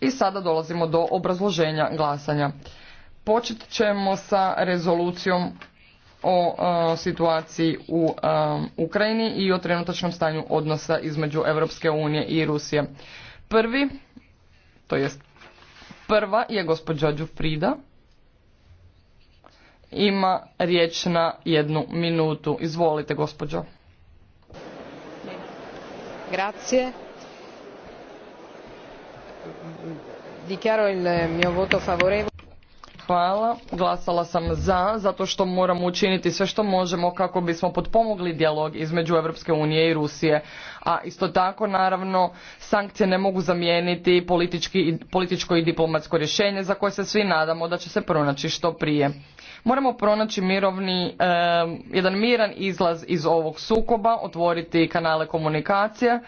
I sada dolazimo do obrazloženja glasanja. Počet ćemo sa rezolucijom o e, situaciji u e, Ukrajini i o trenutačnom stanju odnosa između Europske unije i Rusije. Prvi, to jest prva je gospođa Đufrida. Ima riječ na jednu minutu. Izvolite gospođo. Grazie il mio voto Hvala. Glasala sam za, zato što moramo učiniti sve što možemo kako bismo potpomogli dijalog između Europske unije i Rusije. A isto tako, naravno, sankcije ne mogu zamijeniti političko i diplomatsko rješenje za koje se svi nadamo da će se pronaći što prije. Moramo pronaći mirovni, eh, jedan miran izlaz iz ovog sukoba, otvoriti kanale komunikacije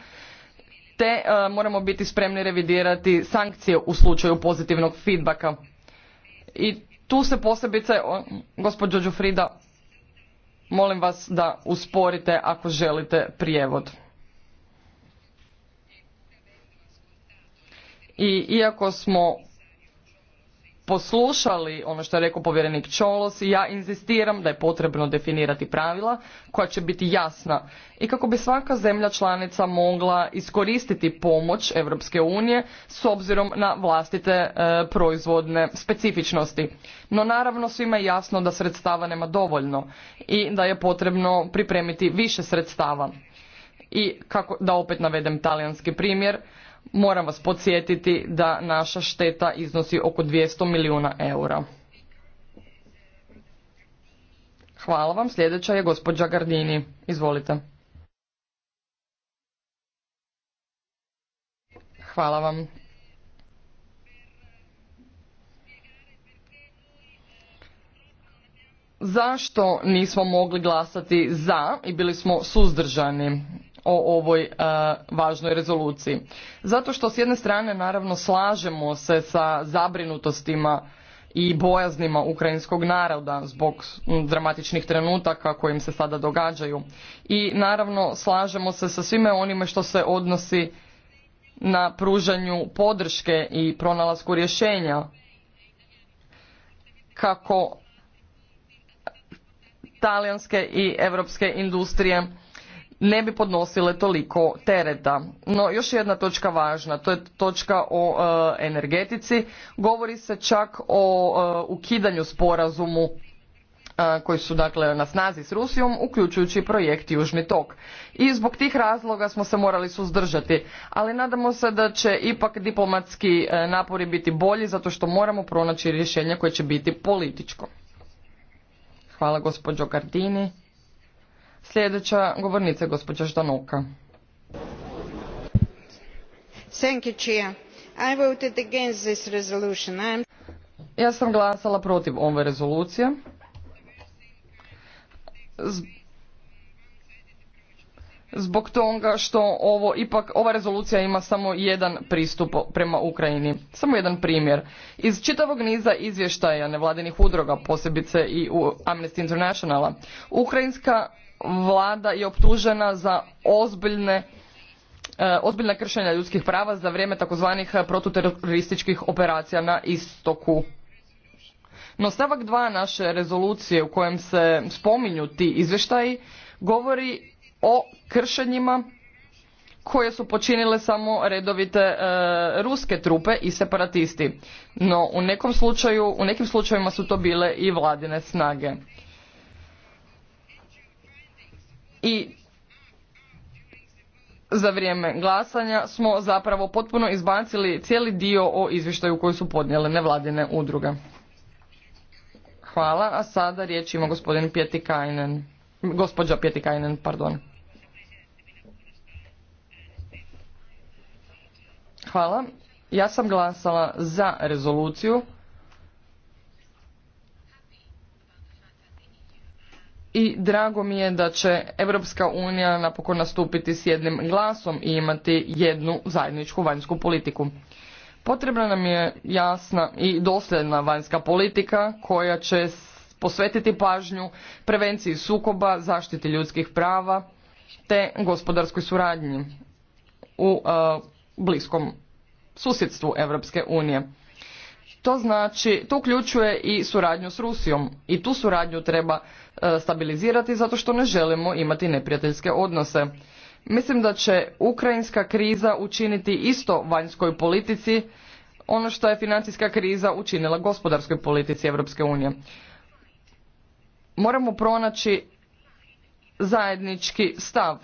te e, moramo biti spremni revidirati sankcije u slučaju pozitivnog feedbacka. I tu se posebice, gospođo Đufrida, molim vas da usporite ako želite prijevod. I iako smo poslušali ono što je rekao povjerenik Čolos i ja inzistiram da je potrebno definirati pravila koja će biti jasna i kako bi svaka zemlja članica mogla iskoristiti pomoć Europske unije s obzirom na vlastite e, proizvodne specifičnosti. No naravno svima je jasno da sredstava nema dovoljno i da je potrebno pripremiti više sredstava. I kako, da opet navedem talijanski primjer, Moram vas podsjetiti da naša šteta iznosi oko 200 milijuna eura. Hvala vam. Sljedeća je gospođa Gardini. Izvolite. Hvala vam. Zašto nismo mogli glasati za i bili smo suzdržani? o ovoj važnoj rezoluciji. Zato što s jedne strane naravno slažemo se sa zabrinutostima i bojaznima ukrajinskog naroda zbog dramatičnih trenutaka kojim se sada događaju. I naravno slažemo se sa svime onime što se odnosi na pružanju podrške i pronalasku rješenja kako talijanske i europske industrije ne bi podnosile toliko tereta. No, još jedna točka važna, to je točka o e, energetici. Govori se čak o e, ukidanju sporazumu e, koji su dakle na snazi s Rusijom, uključujući projekt Južni tok. I zbog tih razloga smo se morali suzdržati, ali nadamo se da će ipak diplomatski napori biti bolji zato što moramo pronaći rješenje koje će biti političko. Hvala gospođo Gardini. Sljedeća govornica je gospođa Štanoka. Ja sam glasala protiv ove rezolucije zbog toga što ovo ipak ova rezolucija ima samo jedan pristup prema Ukrajini. Samo jedan primjer. Iz čitavog niza izvještaja nevladinih udruga, posebice i u Amnesty Internationala, ukrajinska vlada je optužena za ozbiljne e, ozbiljna kršenja ljudskih prava za vrijeme takozvanih protuterorističkih operacija na istoku. No stavak dva naše rezolucije u kojem se spominju ti izvještaji govori o kršenjima koje su počinile samo redovite e, ruske trupe i separatisti. No u nekom slučaju, u nekim slučajevima su to bile i vladine snage. I za vrijeme glasanja smo zapravo potpuno izbacili cijeli dio o izvještaju koji su podnijele nevladine udruge. Hvala, a sada riječ ima gospodin Pjetikajnen, gospođa Pjetikajnen, pardon. Hvala. Ja sam glasala za rezoluciju i drago mi je da će Europska unija napokon nastupiti s jednim glasom i imati jednu zajedničku vanjsku politiku. Potrebna nam je jasna i dosljedna vanjska politika koja će posvetiti pažnju prevenciji sukoba, zaštiti ljudskih prava te gospodarskoj suradnji u e, bliskom susjedstvu Europske unije. To znači, to uključuje i suradnju s Rusijom i tu suradnju treba e, stabilizirati zato što ne želimo imati neprijateljske odnose. Mislim da će ukrajinska kriza učiniti isto vanjskoj politici ono što je financijska kriza učinila gospodarskoj politici Europske unije. Moramo pronaći zajednički stav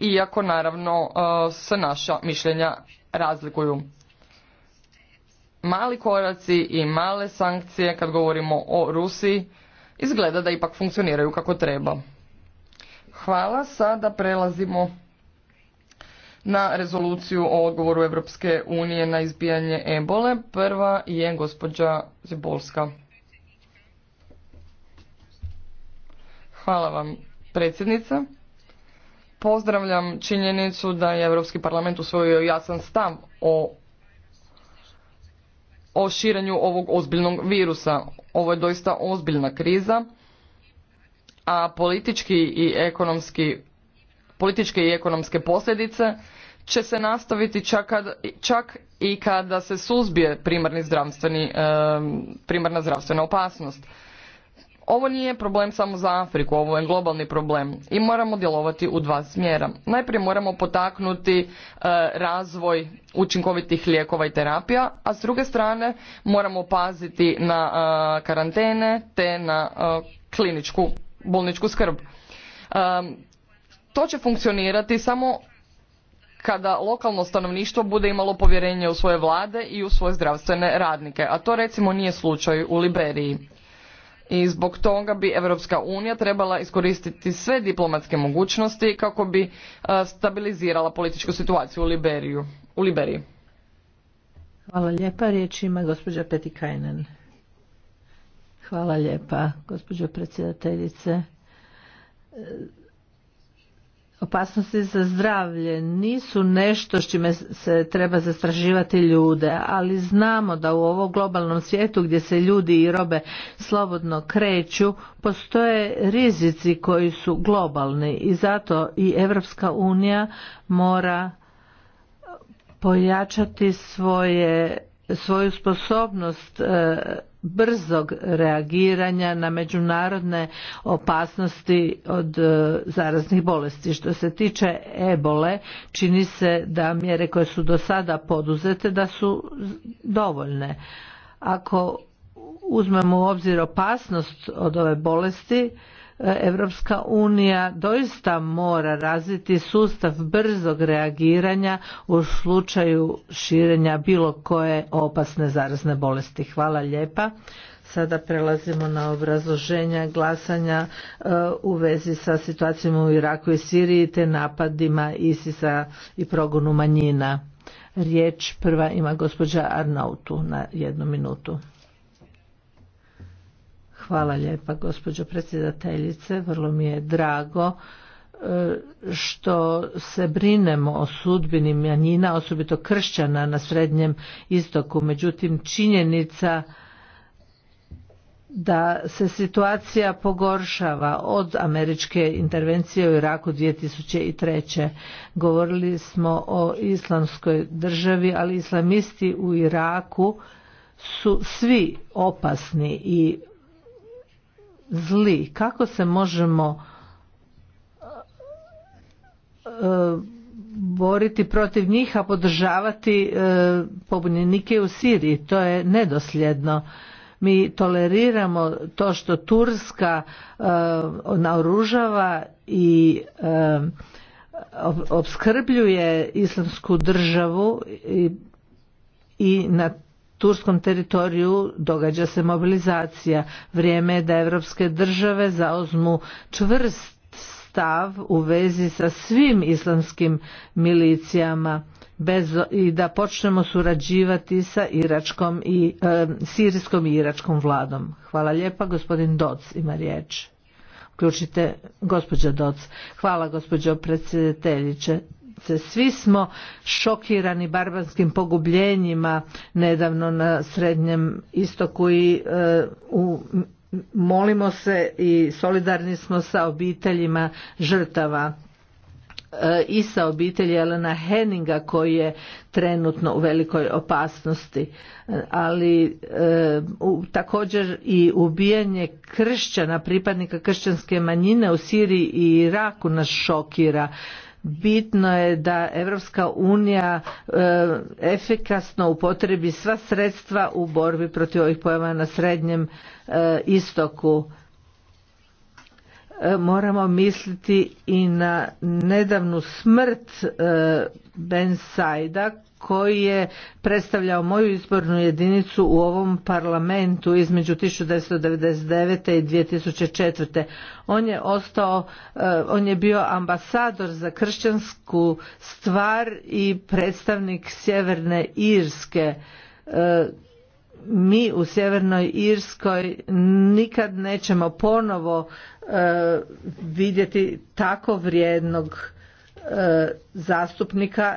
iako naravno e, se naša mišljenja razlikuju. Mali koraci i male sankcije kad govorimo o Rusiji izgleda da ipak funkcioniraju kako treba. Hvala, sada prelazimo na rezoluciju o odgovoru Europske unije na izbijanje ebole. Prva je gospođa Zibolska. Hvala vam predsjednica pozdravljam činjenicu da je Europski parlament usvojio jasan stav o o širenju ovog ozbiljnog virusa. Ovo je doista ozbiljna kriza, a politički i ekonomski, političke i ekonomske posljedice će se nastaviti čak, čak i kada se suzbije primarni zdravstveni, primarna zdravstvena opasnost. Ovo nije problem samo za Afriku, ovo je globalni problem i moramo djelovati u dva smjera. Najprije moramo potaknuti e, razvoj učinkovitih lijekova i terapija, a s druge strane moramo paziti na e, karantene te na e, kliničku bolničku skrb. To će funkcionirati samo kada lokalno stanovništvo bude imalo povjerenje u svoje vlade i u svoje zdravstvene radnike, a to recimo nije slučaj u Liberiji i zbog toga bi Europska unija trebala iskoristiti sve diplomatske mogućnosti kako bi e, stabilizirala političku situaciju u, Liberiju, u Liberiji. Hvala lijepa. Riječ ima gospođa Petikajnen. Hvala lijepa, gospođo predsjedateljice opasnosti za zdravlje nisu nešto s čime se treba zastraživati ljude, ali znamo da u ovom globalnom svijetu gdje se ljudi i robe slobodno kreću, postoje rizici koji su globalni i zato i Europska unija mora pojačati svoje, svoju sposobnost e, brzog reagiranja na međunarodne opasnosti od e, zaraznih bolesti. Što se tiče ebole, čini se da mjere koje su do sada poduzete da su dovoljne. Ako uzmemo u obzir opasnost od ove bolesti, Europska unija doista mora razviti sustav brzog reagiranja u slučaju širenja bilo koje opasne zarazne bolesti. Hvala lijepa. Sada prelazimo na obrazloženja glasanja e, u vezi sa situacijom u Iraku i Siriji te napadima ISIS-a i progonu manjina. Riječ prva ima gospođa Arnautu na jednu minutu. Hvala lijepa gospođo predsjedateljice, vrlo mi je drago e, što se brinemo o sudbini manjina, osobito kršćana na Srednjem istoku. Međutim, činjenica da se situacija pogoršava od američke intervencije u Iraku 2003. Govorili smo o islamskoj državi, ali islamisti u Iraku su svi opasni i zli kako se možemo e, boriti protiv njih a podržavati e, pobunjenike u Siriji to je nedosljedno mi toleriramo to što Turska e, naoružava i opskrbljuje islamsku državu i na turskom teritoriju događa se mobilizacija. Vrijeme je da evropske države zauzmu čvrst stav u vezi sa svim islamskim milicijama i da počnemo surađivati sa iračkom i e, sirijskom i iračkom vladom. Hvala lijepa, gospodin Doc ima riječ. Uključite gospođa Doc. Hvala gospođo predsjedateljice. Svi smo šokirani barbanskim pogubljenjima nedavno na Srednjem istoku i e, molimo se i solidarni smo sa obiteljima žrtava e, i sa obitelji Elena Henninga koji je trenutno u velikoj opasnosti. Ali e, u, također i ubijanje kršćana, pripadnika kršćanske manjine u Siriji i Iraku nas šokira bitno je da Europska unija e, efikasno upotrebi sva sredstva u borbi protiv ovih pojava na srednjem e, istoku e, moramo misliti i na nedavnu smrt Ben saida koji je predstavljao moju izbornu jedinicu u ovom parlamentu između 1999. i 2004. On je ostao, eh, on je bio ambasador za kršćansku stvar i predstavnik Sjeverne Irske. Eh, mi u Sjevernoj Irskoj nikad nećemo ponovo eh, vidjeti tako vrijednog zastupnika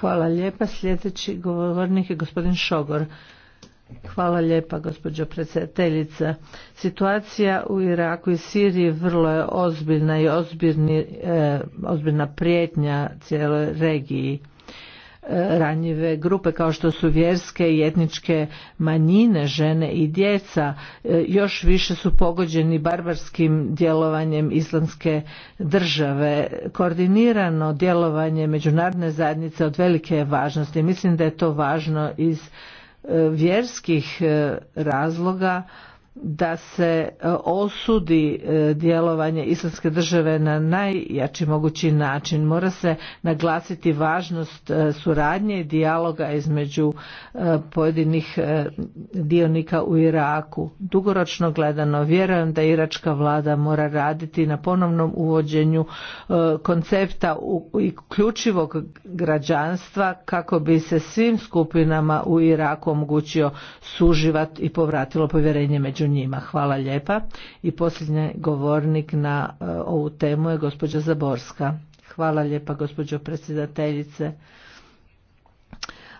Hvala lijepa. Sljedeći govornik je gospodin Šogor. Hvala lijepa gospođo predsjedateljica. Situacija u Iraku i Siriji vrlo je ozbiljna i eh, ozbiljna prijetnja cijeloj regiji ranjive grupe kao što su vjerske i etničke manjine, žene i djeca, e, još više su pogođeni barbarskim djelovanjem islamske države. Koordinirano djelovanje međunarodne zajednice od velike važnosti. Mislim da je to važno iz e, vjerskih e, razloga, da se e, osudi e, djelovanje islamske države na najjači mogući način. Mora se naglasiti važnost e, suradnje i dijaloga između pojedinih dionika u Iraku. Dugoročno gledano vjerujem da iračka vlada mora raditi na ponovnom uvođenju koncepta uključivog građanstva kako bi se svim skupinama u Iraku omogućio suživat i povratilo povjerenje među među njima. Hvala lijepa. I posljednji govornik na e, ovu temu je gospođa Zaborska. Hvala lijepa gospođo predsjedateljice.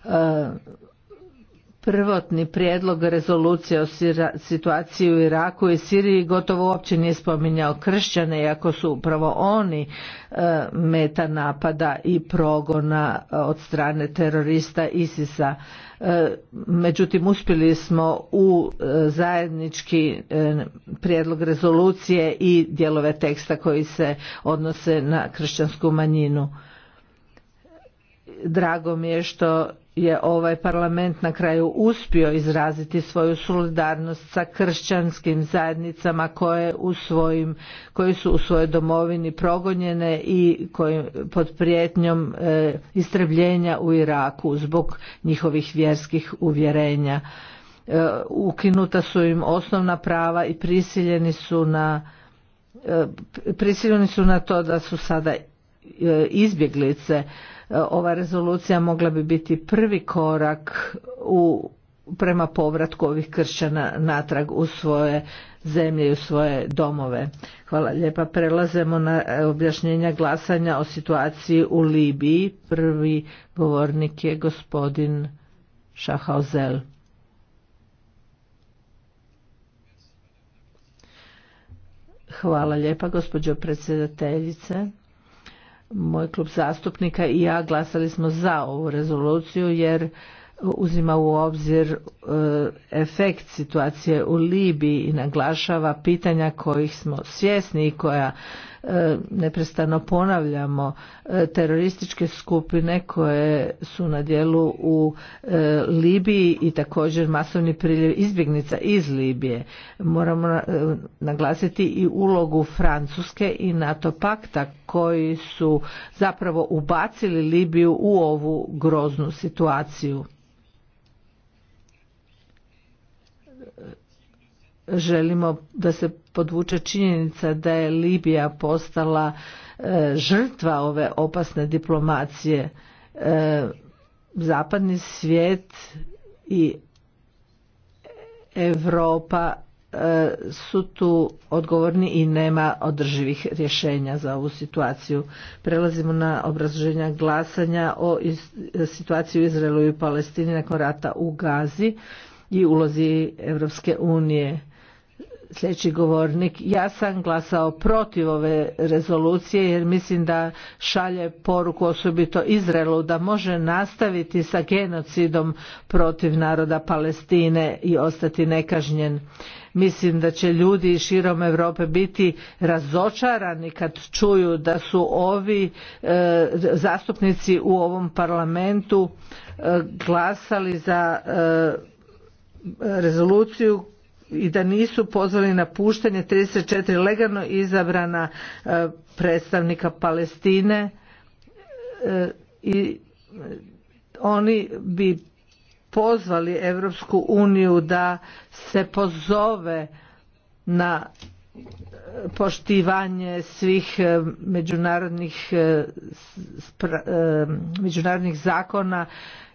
E, prvotni prijedlog rezolucije o situaciji u Iraku i Siriji gotovo uopće nije spominjao kršćane, iako su upravo oni e, meta napada i progona e, od strane terorista ISIS-a. E, međutim, uspjeli smo u zajednički prijedlog rezolucije i dijelove teksta koji se odnose na kršćansku manjinu. Drago mi je što je ovaj parlament na kraju uspio izraziti svoju solidarnost sa kršćanskim zajednicama koje koji su u svojoj domovini progonjene i pod prijetnjom e, istrebljenja u Iraku zbog njihovih vjerskih uvjerenja. E, ukinuta su im osnovna prava i prisiljeni su na e, prisiljeni su na to da su sada E, izbjeglice. E, ova rezolucija mogla bi biti prvi korak u prema povratku ovih kršćana natrag u svoje zemlje i u svoje domove. Hvala lijepa. Prelazemo na e, objašnjenja glasanja o situaciji u Libiji. Prvi govornik je gospodin Šahauzel. Hvala lijepa gospođo predsjedateljice moj klub zastupnika i ja glasali smo za ovu rezoluciju jer uzima u obzir e, efekt situacije u Libiji i naglašava pitanja kojih smo svjesni i koja e, neprestano ponavljamo e, terorističke skupine koje su na dijelu u Libiji i također masovni priljev izbjegnica iz Libije. Moramo naglasiti i ulogu Francuske i NATO pakta koji su zapravo ubacili Libiju u ovu groznu situaciju. želimo da se podvuče činjenica da je Libija postala e, žrtva ove opasne diplomacije e, zapadni svijet i Europa e, su tu odgovorni i nema održivih rješenja za ovu situaciju. Prelazimo na obrazloženja glasanja o situaciji u Izraelu i Palestini nakon rata u Gazi i ulozi Europske unije sljedeći govornik. Ja sam glasao protiv ove rezolucije jer mislim da šalje poruku osobito Izraelu da može nastaviti sa genocidom protiv naroda Palestine i ostati nekažnjen. Mislim da će ljudi širom Europe biti razočarani kad čuju da su ovi e, zastupnici u ovom parlamentu e, glasali za e, rezoluciju i da nisu pozvali na puštanje 34 legalno izabrana e, predstavnika Palestine e, i e, oni bi pozvali Europsku uniju da se pozove na poštivanje svih međunarodnih međunarodnih zakona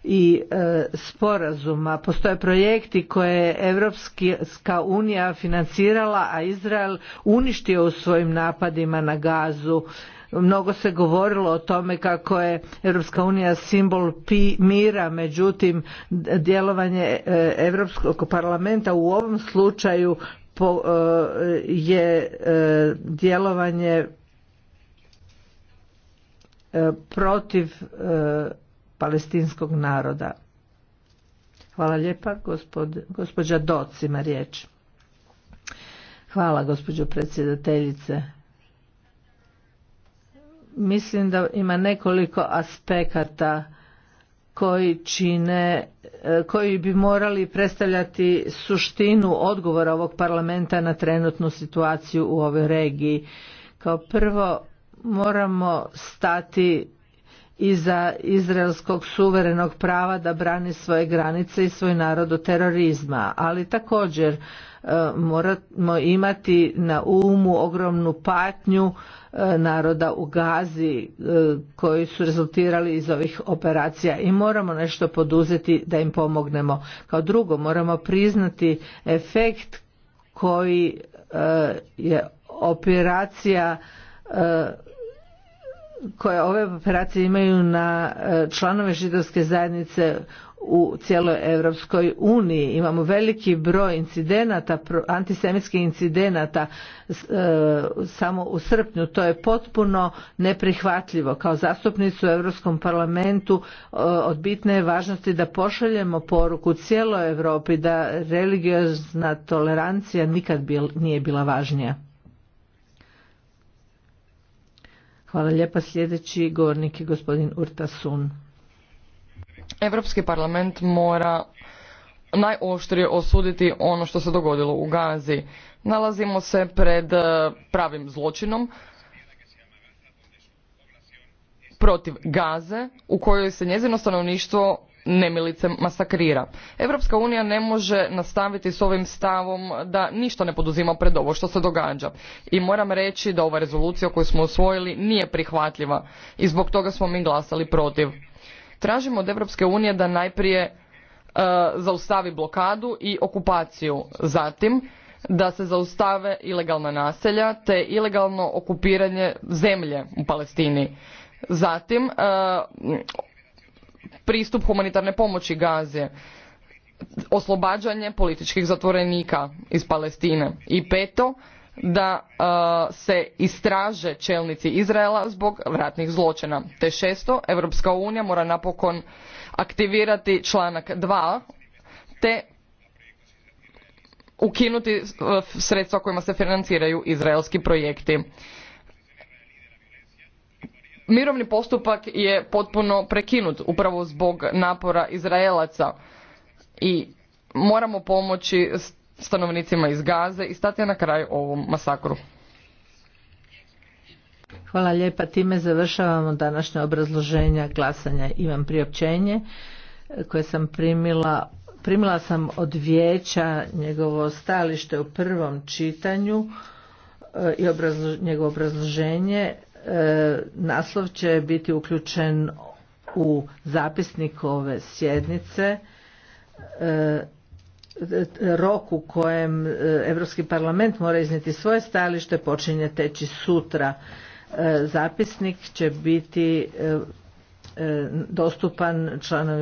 i e, sporazuma. Postoje projekti koje je Evropska unija financirala, a Izrael uništio u svojim napadima na gazu. Mnogo se govorilo o tome kako je Europska unija simbol mira, međutim djelovanje Europskog parlamenta u ovom slučaju e, je e, djelovanje protiv palestinskog naroda. Hvala lijepa, gospođa Doc ima riječ. Hvala, gospođo predsjedateljice. Mislim da ima nekoliko aspekata koji čine, eh, koji bi morali predstavljati suštinu odgovora ovog parlamenta na trenutnu situaciju u ovoj regiji. Kao prvo moramo stati iza izraelskog suverenog prava da brani svoje granice i svoj narod od terorizma, ali također e, moramo imati na umu ogromnu patnju e, naroda u Gazi e, koji su rezultirali iz ovih operacija i moramo nešto poduzeti da im pomognemo. Kao drugo moramo priznati efekt koji je operacija koje ove operacije imaju na e, članove židovske zajednice u cijeloj Europskoj uniji. Imamo veliki broj incidenata, antisemitskih incidenata e, samo u srpnju. To je potpuno neprihvatljivo. Kao zastupnicu u Europskom parlamentu e, odbitne je važnosti da pošaljemo poruku cijeloj Europi da religiozna tolerancija nikad nije bila važnija. Hvala lijepa. Sljedeći govornik je gospodin Urtasun. Europski parlament mora najoštrije osuditi ono što se dogodilo u Gazi. Nalazimo se pred eh, pravim zločinom protiv Gaze u kojoj se njezino stanovništvo nemilice masakrira. Europska unija ne može nastaviti s ovim stavom da ništa ne poduzima pred ovo što se događa. I moram reći da ova rezolucija koju smo usvojili nije prihvatljiva i zbog toga smo mi glasali protiv. Tražimo od Europske unije da najprije e, zaustavi blokadu i okupaciju. Zatim da se zaustave ilegalna naselja te ilegalno okupiranje zemlje u Palestini. Zatim e, pristup humanitarne pomoći Gaze, oslobađanje političkih zatvorenika iz Palestine i peto, da e, se istraže čelnici Izraela zbog ratnih zločina. Te šesto, Europska unija mora napokon aktivirati članak dva te ukinuti e, sredstva kojima se financiraju izraelski projekti mirovni postupak je potpuno prekinut upravo zbog napora Izraelaca i moramo pomoći stanovnicima iz Gaze i stati na kraj ovom masakru. Hvala lijepa. Time završavamo današnje obrazloženja glasanja. Imam priopćenje koje sam primila. Primila sam od vijeća njegovo stajalište u prvom čitanju e, i obrazlo, njegovo obrazloženje E, naslov će biti uključen u zapisnik ove sjednice e, rok u kojem Europski parlament mora iznijeti svoje stajalište počinje teći sutra. E, zapisnik će biti dostupan članovima